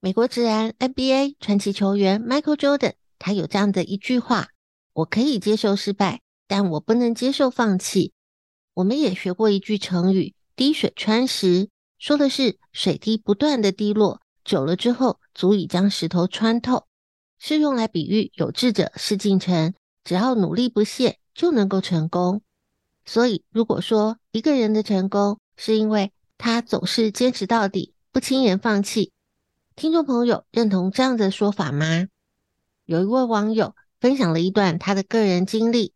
美國職籃 NBA 傳奇球員 Michael Jordan，他有這樣的一句話：“我可以接受失敗，但我不能接受放棄。”我們也學過一句成語“滴水穿石”，說的是水滴不斷的滴落，久了之後足以將石頭穿透，是用來比喻有志者事竟成，只要努力不懈就能夠成功。所以，如果說一個人的成功是因為他總是堅持到底，不輕言放棄。聽眾朋友，認同這樣的說法嗎？有一位網友分享了一段他的個人經歷。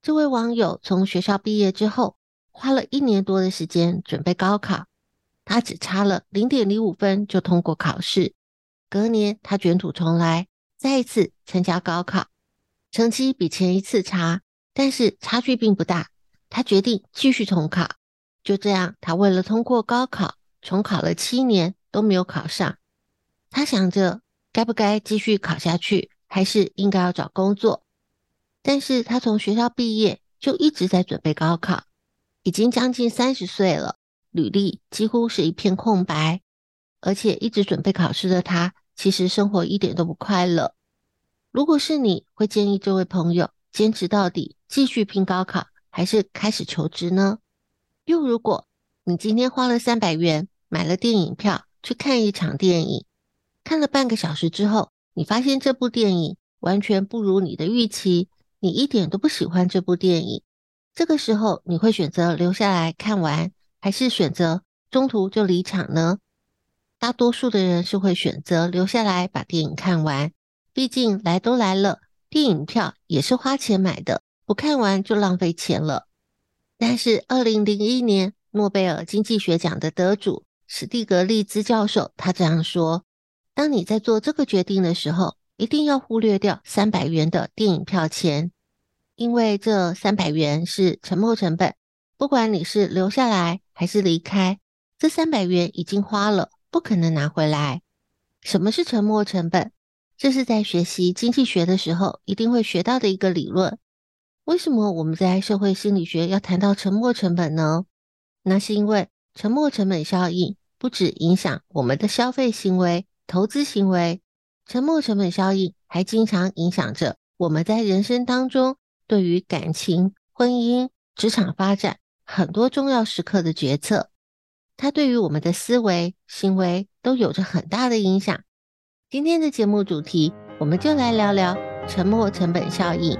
這位網友從學校畢業之後，花了一年多的時間準備高考，他只差了零點零五分就通過考試。隔年，他捲土重來，再一次參加高考，成績比前一次差，但是差距並不大。他決定繼續重考。就這樣，他為了通過高考，重考了七年都沒有考上。他想着該不該繼續考下去，還是應該要找工作？但是他從學校畢業就一直在準備高考，已經將近三十歲了，履歷幾乎是一片空白，而且一直準備考試的他，其實生活一點都不快樂。如果是你會建議這位朋友堅持到底，繼續拼高考，還是開始求職呢？又如果你今天花了三百元買了電影票去看一場電影，看了半個小時之後，你發現這部電影完全不如你的預期，你一點都不喜歡這部電影。這個時候，你會選擇留下來看完，還是選擇中途就離場呢？大多數的人是會選擇留下來把電影看完，畢竟來都來了，電影票也是花錢買的，不看完就浪費錢了。但是2001，二零零一年諾貝爾經濟學獎的得主史蒂格利茲教授，他這樣說。當你在做這個決定的時候，一定要忽略掉三百元的電影票錢，因為這三百元是沉沒成本，不管你是留下來還是離開，這三百元已經花了，不可能拿回來。什麼是沉沒成本？這是在學習經濟學的時候一定會學到的一個理論。為什麼我們在社會心理學要談到沉沒成本呢？那是因為沉沒成本效應不止影響我們的消費行為。投資行為、沉沒成本效應，還經常影響着我們在人生當中對於感情、婚姻、職場發展很多重要時刻的決策。它對於我們的思維、行為都有着很大的影響。今天的節目主題，我們就來聊聊沉沒成本效應。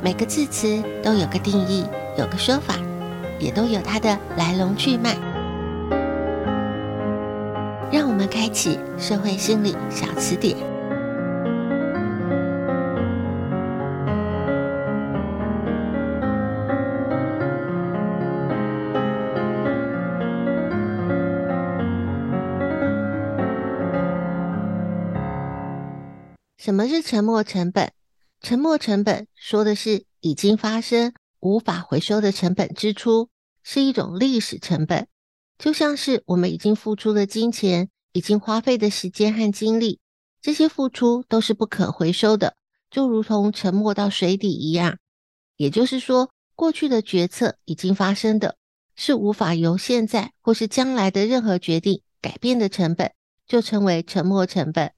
每個字詞都有個定義，有個說法。也都有它的來龍去脈。讓我們開啟社會心理小詞典。什麼是沉沒成本？沉沒成本說的是已經發生、無法回收的成本支出。是一種歷史成本，就像是我們已經付出了金錢、已經花費的時間和精力，這些付出都是不可回收的，就如同沉沒到水底一樣。也就是說，過去的決策已經發生的，是無法由現在或是將來的任何決定改變的成本，就稱為沉沒成本。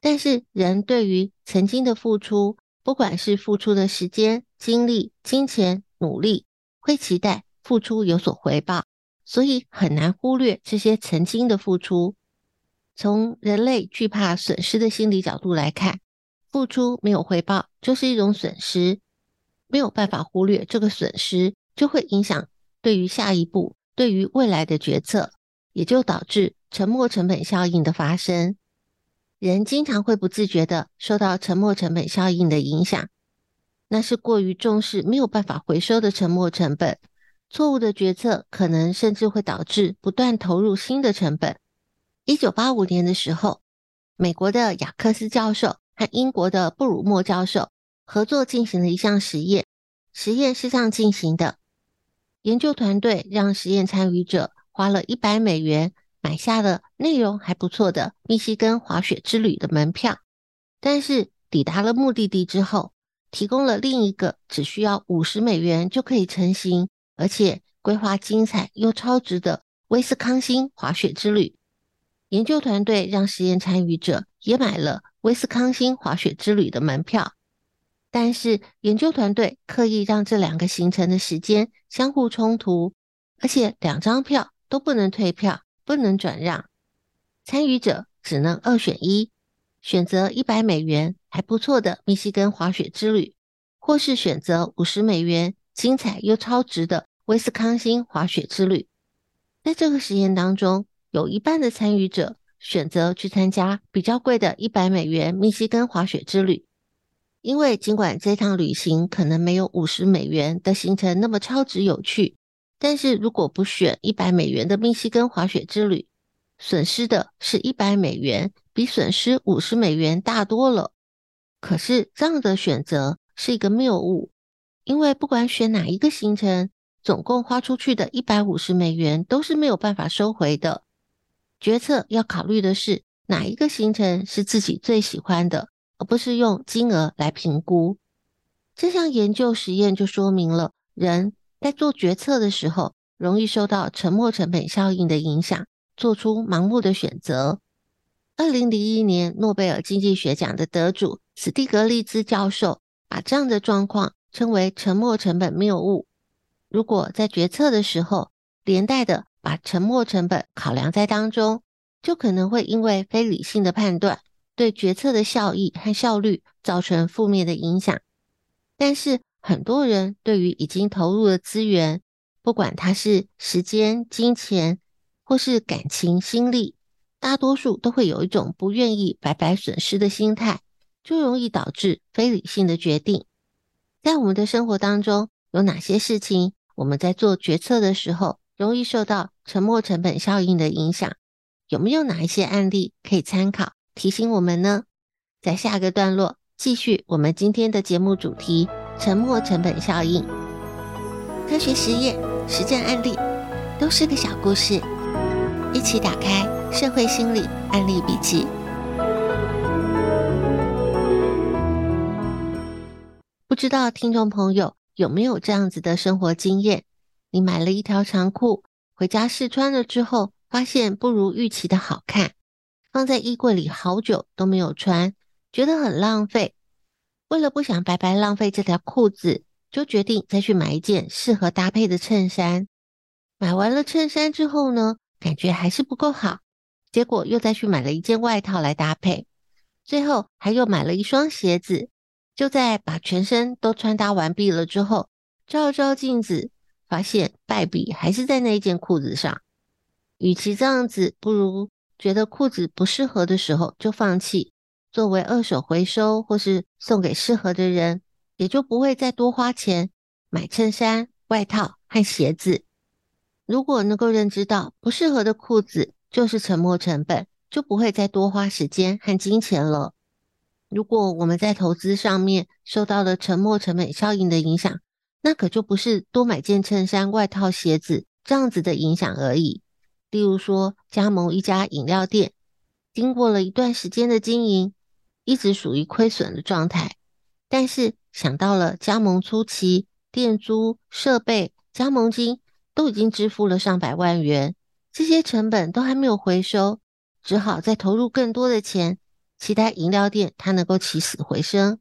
但是，人對於曾經的付出，不管是付出的時間、精力、金錢、努力，會期待。付出有所回報，所以很難忽略這些曾經的付出。從人類懼怕損失的心理角度來看，付出沒有回報就是一種損失，沒有辦法忽略這個損失，就會影響對於下一步、對於未來的決策，也就導致沉沒成本效應的發生。人經常會不自覺地受到沉沒成本效應的影響，那是過於重視沒有辦法回收的沉沒成本。錯誤的決策可能甚至會導致不斷投入新的成本。一九八五年的時候，美國的雅克斯教授和英國的布魯莫教授合作進行了一項實驗。實驗是這樣進行的：研究團隊讓實驗參與者花了一百美元買下了內容還不錯的密西根滑雪之旅的門票，但是抵達了目的地之後，提供了另一個只需要五十美元就可以成行。而且規劃精彩又超值的威斯康星滑雪之旅，研究團隊讓實驗參與者也買了威斯康星滑雪之旅的門票，但是研究團隊刻意讓這兩個行程的時間相互衝突，而且兩張票都不能退票，不能轉讓，參與者只能二選一，選擇一百美元還不錯的密西根滑雪之旅，或是選擇五十美元精彩又超值的。威斯康星滑雪之旅，在這個實驗當中，有一半的參與者選擇去參加比較貴的100美元密西根滑雪之旅，因為儘管這趟旅行可能沒有50美元的行程那麼超值有趣，但是如果不選100美元的密西根滑雪之旅，損失的是100美元，比損失50美元大多了。可是這樣的選擇是一個謬誤，因為不管選哪一個行程，總共花出去的一百五十美元都是沒有辦法收回的。決策要考慮的是哪一個行程是自己最喜歡的，而不是用金額來評估。這項研究實驗就說明了人在做決策的時候，容易受到沉沒成本效應的影響，做出盲目的選擇。二零零一年諾貝爾經濟學獎的得主史蒂格利茲教授，把這樣的狀況稱為“沉沒成本謬誤”。如果在決策的時候，連帶的把沉沒成本考量在當中，就可能會因為非理性的判斷，對決策的效益和效率造成負面的影響。但是，很多人對於已經投入的資源，不管它是時間、金錢，或是感情、心力，大多數都會有一種不願意白白損失的心態，就容易導致非理性的決定。在我們的生活當中，有哪些事情？我們在做決策的時候，容易受到沉沒成本效應的影響。有沒有哪一些案例可以參考提醒我們呢？在下個段落繼續我們今天的節目主題：沉沒成本效應、科學實驗、實戰案例，都是個小故事。一起打開《社會心理案例筆記》。不知道聽眾朋友，有沒有這樣子的生活經驗？你買了一條長褲，回家試穿了之後，發現不如預期的好看，放在衣櫃裡好久都沒有穿，覺得很浪費。為了不想白白浪費這條褲子，就決定再去買一件適合搭配的襯衫。買完了襯衫之後呢，感覺還是不夠好，結果又再去買了一件外套來搭配，最後還又買了一雙鞋子。就在把全身都穿搭完畢了之後，照照鏡子，發現敗筆還是在那一件褲子上。與其這樣子，不如覺得褲子不適合的時候就放棄，作為二手回收或是送給適合的人，也就不會再多花錢買襯衫、外套和鞋子。如果能夠認知到不適合的褲子就是沉沒成本，就不會再多花時間和金錢了。如果我們在投資上面受到了沉沒成本效應的影響，那可就不是多買件襯衫、外套、鞋子這樣子的影響而已。例如說，加盟一家飲料店，經過了一段時間的經營，一直屬於虧損的狀態，但是想到了加盟初期，店租、設備、加盟金都已經支付了上百萬元，這些成本都還沒有回收，只好再投入更多的錢。其他飲料店它能夠起死回生。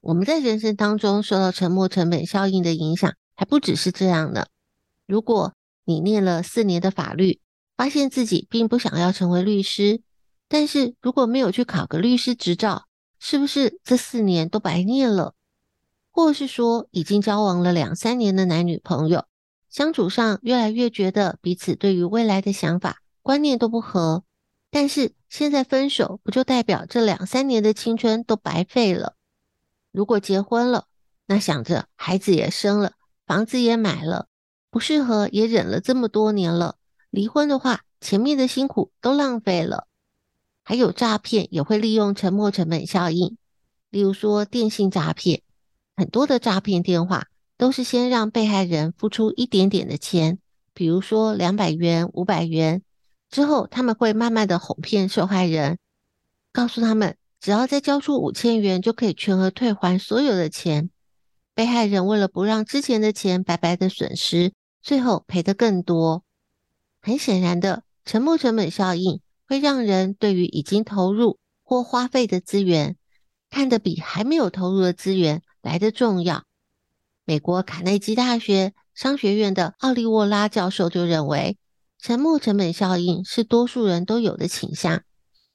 我們在人生當中受到沉沒成本效應的影響還不只是這樣的。如果你念了四年的法律，發現自己並不想要成為律師，但是如果沒有去考個律師執照，是不是這四年都白念了？或是說，已經交往了兩三年的男女朋友，相處上越來越覺得彼此對於未來的想法觀念都不合？但是現在分手不就代表這兩三年的青春都白費了？如果結婚了，那想着孩子也生了，房子也買了，不適合也忍了這麼多年了，離婚的話，前面的辛苦都浪費了。還有詐騙也會利用沉沒成本效應，例如說電信詐騙，很多的詐騙電話都是先讓被害人付出一點點的錢，比如說兩百元、五百元。之後，他們會慢慢的哄騙受害人，告訴他們只要再交出五千元，就可以全額退還所有的錢。被害人為了不讓之前的錢白白的損失，最後賠得更多。很顯然的，沉沒成本效應會讓人對於已經投入或花費的資源，看得比還沒有投入的資源來得重要。美國卡內基大學商學院的奧利沃拉教授就認為，沉沒成本效應是多數人都有的傾向。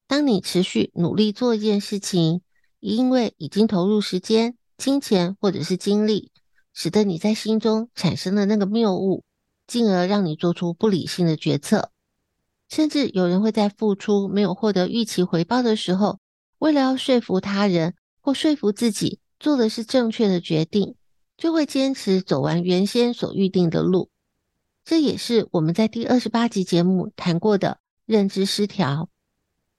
當你持續努力做一件事情，因為已經投入時間、金錢或者是精力，使得你在心中產生了那個謬誤，進而讓你做出不理性的決策。甚至有人會在付出沒有獲得預期回報的時候，為了要說服他人或說服自己，做的是正確的決定，就會堅持走完原先所預定的路。這也是我們在第二十八集節目談過的認知失調。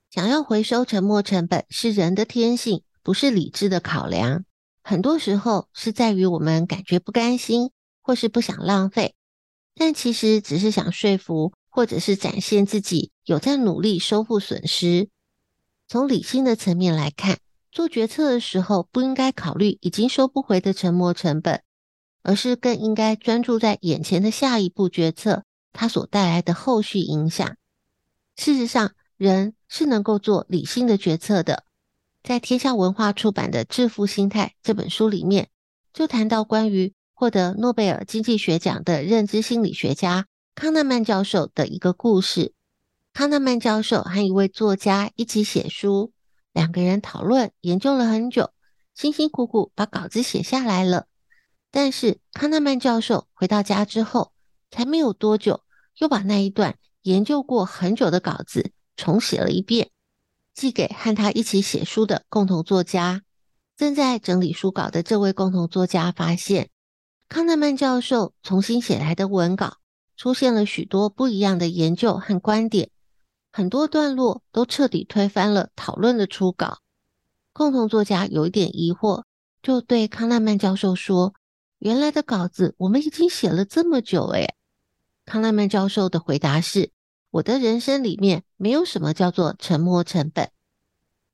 想要回收沉沒成本是人的天性，不是理智的考量。很多時候是在於我們感覺不甘心，或是不想浪費，但其實只是想說服，或者是展現自己有在努力收復損失。從理性的層面來看，做決策的時候不應該考慮已經收不回的沉沒成本。而是更應該專注在眼前的下一步決策，它所帶來的後續影響。事實上，人是能夠做理性的決策的。在天下文化出版的《致富心態》這本書裡面，就談到關於獲得諾貝爾經濟學獎的認知心理學家康納曼教授的一個故事。康納曼教授和一位作家一起寫書，兩個人討論研究了很久，辛辛苦苦把稿子寫下來了。但是康納曼教授回到家之後，才沒有多久，又把那一段研究過很久的稿子重寫了一遍，寄給和他一起寫書的共同作家。正在整理書稿的這位共同作家發現，康納曼教授重新寫來的文稿出現了許多不一樣的研究和觀點，很多段落都徹底推翻了討論的初稿。共同作家有一點疑惑，就對康納曼教授說。原來的稿子我們已經寫了這麼久，哎，誒，康納曼教授的回答是：我的人生裡面沒有什麼叫做沉沒成本。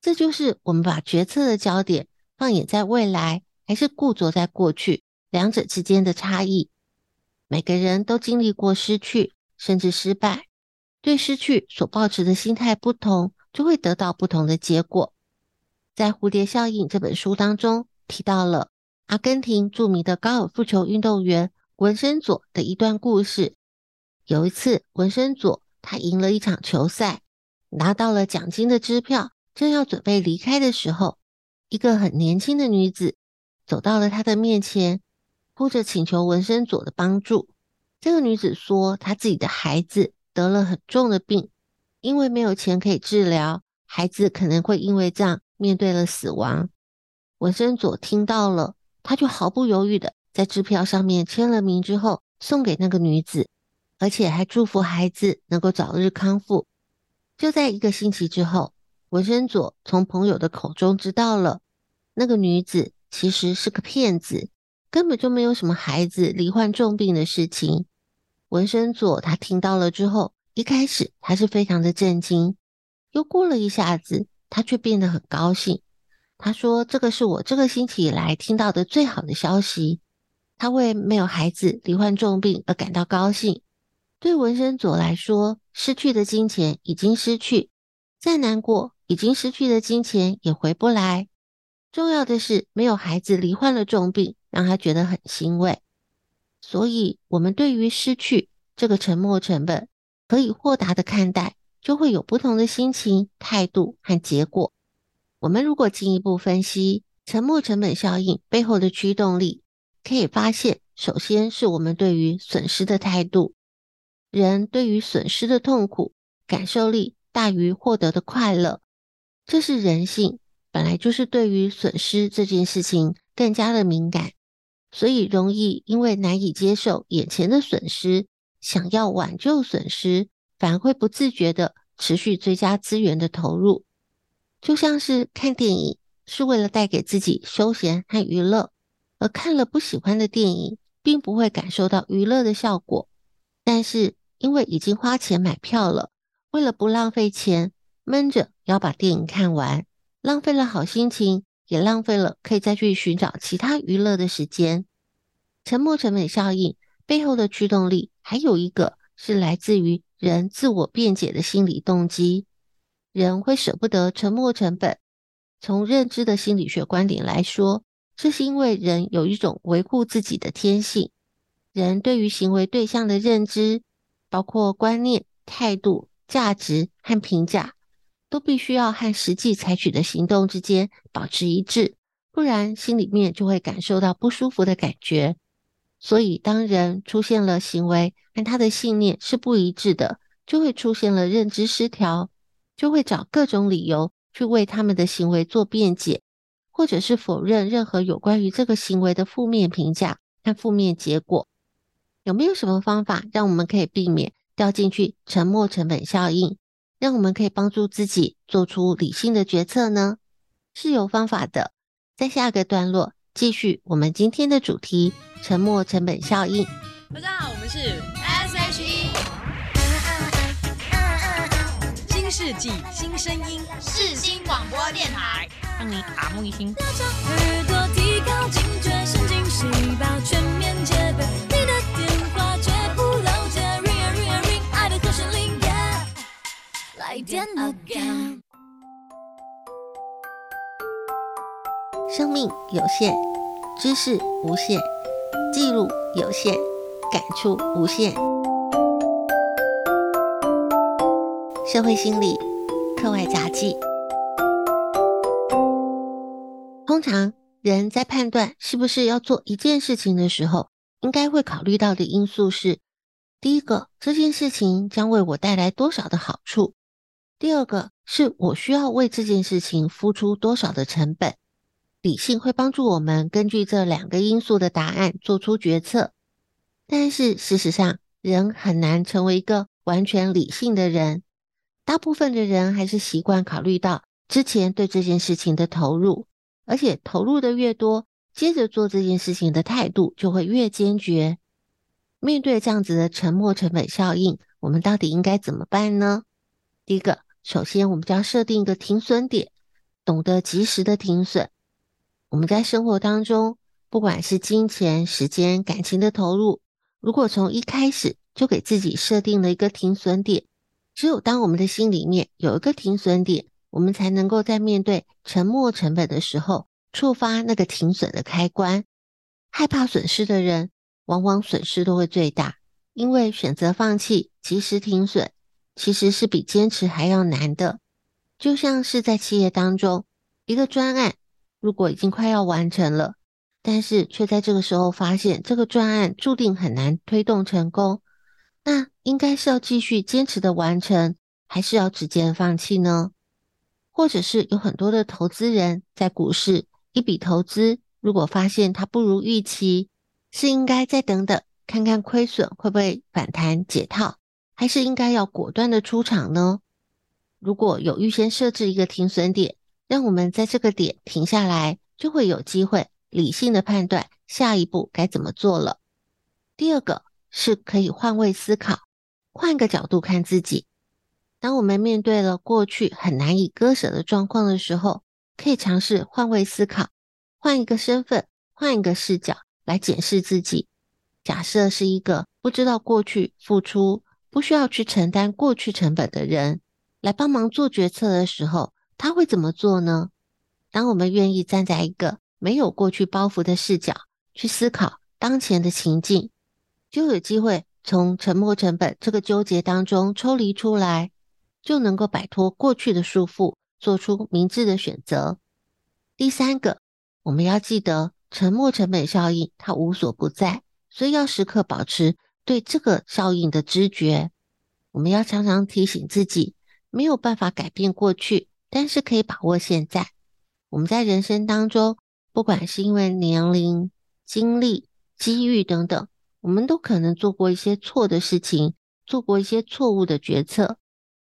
這就是我們把決策的焦點放眼在未來，還是固着在過去，兩者之間的差異。每個人都經歷過失去，甚至失敗，對失去所抱持的心態不同，就會得到不同的結果。在《蝴蝶效應》這本書當中提到了。阿根廷著名的高爾夫球運動員文森佐的一段故事。有一次，文森佐他贏了一場球賽，拿到了獎金的支票，正要準備離開的時候，一個很年輕的女子走到了他的面前，哭着請求文森佐的幫助。這個女子說，她自己的孩子得了很重的病，因為沒有錢可以治療，孩子可能會因為這樣面對了死亡。文森佐聽到了。他就毫不猶豫的在支票上面簽了名之後，送給那個女子，而且還祝福孩子能夠早日康復。就在一個星期之後，文生佐從朋友的口中知道了那個女子其實是個騙子，根本就沒有什麼孩子罹患重病的事情。文生佐他聽到了之後，一開始他是非常的震驚，又過了一下子，他卻變得很高興。他說：“這個是我這個星期以來聽到的最好的消息。他為沒有孩子罹患重病而感到高興。對文森佐來說，失去的金錢已經失去，再難過，已經失去的金錢也回不來。重要的是，沒有孩子罹患了重病，讓他覺得很欣慰。所以，我們對於失去這個沉沒成本，可以豁達的看待，就會有不同的心情、態度和結果。”我們如果進一步分析沉沒成本效應背後的驅動力，可以發現，首先是我們對於損失的態度。人對於損失的痛苦感受力大於獲得的快樂，這是人性本來就是對於損失這件事情更加的敏感，所以容易因為難以接受眼前的損失，想要挽救損失，反而會不自覺地持續追加資源的投入。就像是看電影是為了帶給自己休閒和娛樂，而看了不喜歡的電影，並不會感受到娛樂的效果。但是因為已經花錢買票了，為了不浪費錢，悶着要把電影看完，浪費了好心情，也浪費了可以再去尋找其他娛樂的時間。沉沒成本效應背後的驅動力，還有一個是來自於人自我辯解的心理動機。人會捨不得沉沒成本。從認知的心理學觀點來說，這是因為人有一種維護自己的天性。人對於行為對象的認知，包括觀念、態度、價值和評價，都必須要和實際採取的行動之間保持一致，不然心裡面就會感受到不舒服的感覺。所以，當人出現了行為和他的信念是不一致的，就會出現了認知失調，就會找各種理由去為他們的行為做辯解，或者是否認任何有關於這個行為的負面評價、和負面結果。有沒有什麼方法讓我們可以避免掉進去沉沒成本效應，讓我們可以幫助自己做出理性的決策呢？是有方法的，在下個段落繼續我們今天的主題——沉沒成本效應。大家好，我們是 SHE。新世紀新聲音，市新廣播電臺，讓你耳目一新。拉長耳朵提高警覺，神經細胞全面戒備，你的電話絕不漏接。Ring a, ring a, ring，愛的和弦鈴 yeah 來電 again。生命有限，知識無限，記錄有限，感觸無限。社會心理，課外雜記。通常，人在判斷是不是要做一件事情的時候，應該會考慮到的因素是：第一個，這件事情將為我帶來多少的好處；第二個，是我需要為這件事情付出多少的成本。理性會幫助我們根據這兩個因素的答案做出決策，但是事實上，人很難成為一個完全理性的人。大部分的人還是習慣考慮到之前對這件事情的投入，而且投入的越多，接着做這件事情的態度就會越堅決。面對這樣子的沉沒成本效應，我們到底應該怎麼辦呢？第一個，首先我們就要設定一個停損點，懂得及時的停損。我們在生活當中，不管是金錢、時間、感情的投入，如果從一開始就給自己設定了一個停損點。只有當我們的心裡面有一個停損點，我們才能夠在面對沉沒成本的時候觸發那個停損的開關。害怕損失的人，往往損失都會最大，因為選擇放棄、及時停損，其實是比堅持還要難的。就像是在企業當中，一個專案如果已經快要完成了，但是卻在這個時候發現這個專案注定很難推動成功。那應該是要繼續堅持的完成，還是要直接放棄呢？或者是有很多的投資人在股市一筆投資，如果發現它不如預期，是應該再等等，看看虧損會不會反彈解套，還是應該要果斷的出場呢？如果有預先設置一個停損點，讓我們在這個點停下來，就會有機會理性的判斷下一步該怎麼做了。第二個，是可以換位思考，換個角度看自己。當我們面對了過去很難以割捨的狀況的時候，可以嘗試換位思考，換一個身份，換一個視角來檢視自己。假設是一個不知道過去付出、不需要去承擔過去成本的人來幫忙做決策的時候，他會怎麼做呢？當我們願意站在一個沒有過去包袱的視角去思考當前的情境。就有機會從沉沒成本這個糾結當中抽離出來，就能夠擺脫過去的束縛，做出明智的選擇。第三個，我們要記得沉沒成本效應它無所不在，所以要時刻保持對這個效應的知覺。我們要常常提醒自己，沒有辦法改變過去，但是可以把握現在。我們在人生當中，不管是因為年齡、經歷、機遇等等。我們都可能做過一些錯的事情，做過一些錯誤的決策，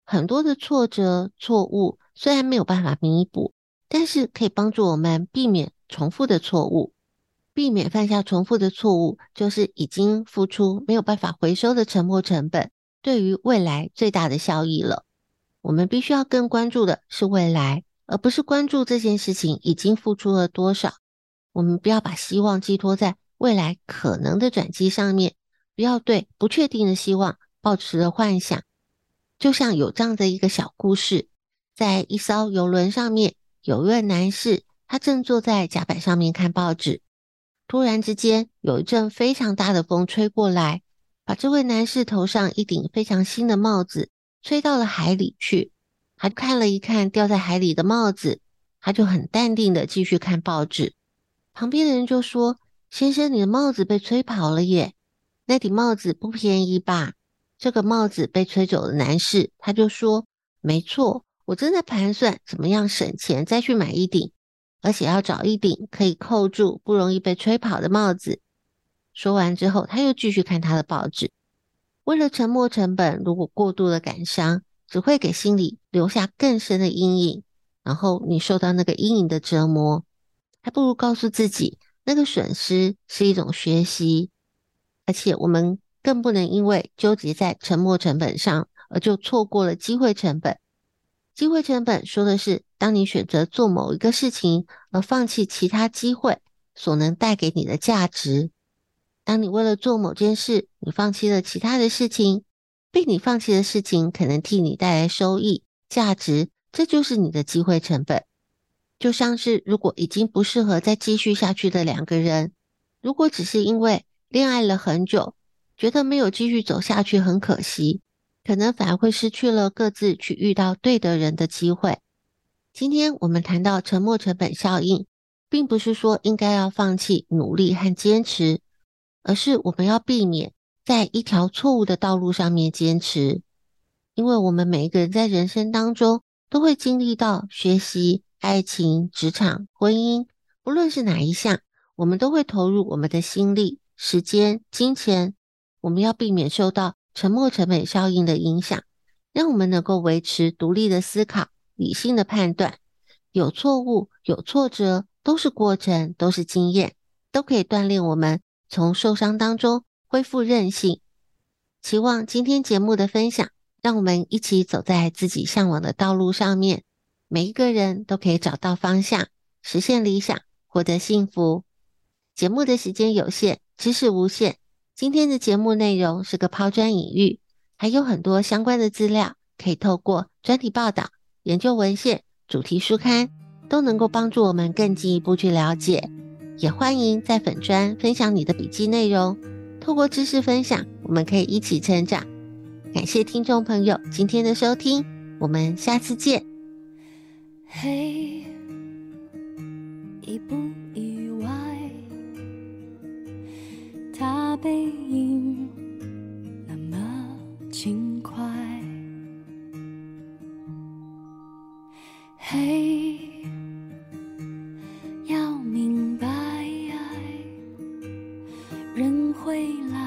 很多的挫折、錯誤雖然沒有辦法彌補，但是可以幫助我們避免重複的錯誤，避免犯下重複的錯誤，就是已經付出沒有辦法回收的沉沒成本，對於未來最大的效益了。我們必須要更關注的是未來，而不是關注這件事情已經付出了多少。我們不要把希望寄托在。未來可能的轉機上面，不要對不確定的希望抱持了幻想。就像有這樣的一個小故事，在一艘遊輪上面，有一位男士，他正坐在甲板上面看報紙。突然之間，有一陣非常大的風吹過來，把這位男士頭上一頂非常新的帽子吹到了海裡去。他看了一看掉在海裡的帽子，他就很淡定的繼續看報紙。旁邊的人就說。先生，你的帽子被吹跑了耶！那頂帽子不便宜吧？這個帽子被吹走的男士他就說：“沒錯，我正在盤算怎麼樣省錢再去買一頂，而且要找一頂可以扣住、不容易被吹跑的帽子。”說完之後，他又繼續看他的報紙。為了沉沒成本，如果過度的感傷，只會給心裡留下更深的陰影，然後你受到那個陰影的折磨，還不如告訴自己。那個損失是一種學習，而且我們更不能因為糾結在沉沒成本上，而就錯過了機會成本。機會成本說的是，當你選擇做某一個事情，而放棄其他機會所能帶給你的價值。當你為了做某件事，你放棄了其他的事情，被你放棄的事情可能替你帶來收益、價值，這就是你的機會成本。就像是，如果已經不適合再繼續下去的兩個人，如果只是因為戀愛了很久，覺得沒有繼續走下去很可惜，可能反而會失去了各自去遇到對的人的機會。今天我們談到沉沒成本效應，並不是說應該要放棄努力和堅持，而是我們要避免在一條錯誤的道路上面堅持，因為我們每一個人在人生當中都會經歷到學習。愛情、職場、婚姻，不論是哪一項，我們都會投入我們的心力、時間、金錢。我們要避免受到沉沒成本效應的影響，讓我們能夠維持獨立的思考、理性的判斷。有錯誤、有挫折，都是過程，都是經驗，都可以鍛鍊我們從受傷當中恢復韌性。期望今天節目的分享，讓我們一起走在自己嚮往的道路上面。每一個人都可以找到方向，實現理想，獲得幸福。節目的時間有限，知識無限。今天的節目內容是個拋磚引玉，還有很多相關的資料可以透過專題報道、研究文獻、主題書刊，都能夠幫助我們更進一步去了解。也歡迎在粉專分享你的筆記內容。透過知識分享，我們可以一起成長。感謝聽眾朋友今天的收聽，我們下次見。嘿，意不意外？他背影那麼輕快。嘿、hey，要明白，愛人會來。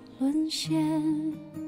淪陷。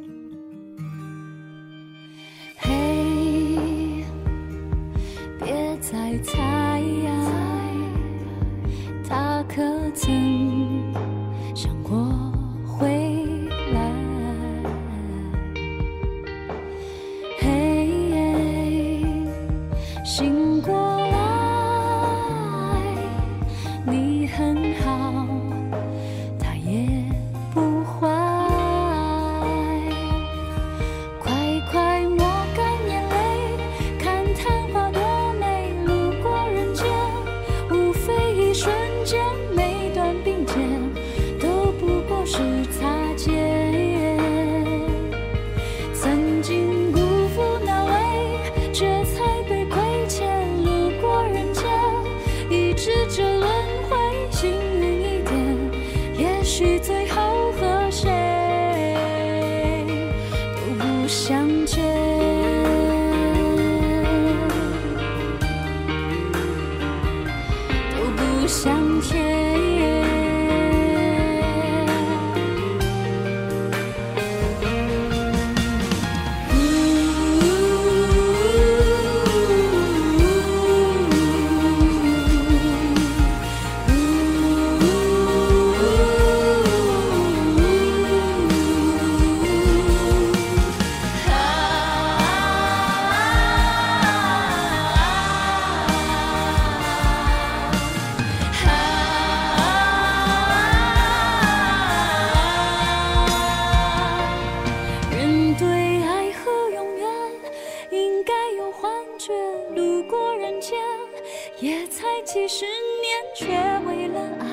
幾十年，卻為了愛，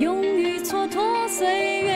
勇於蹉跎歲月。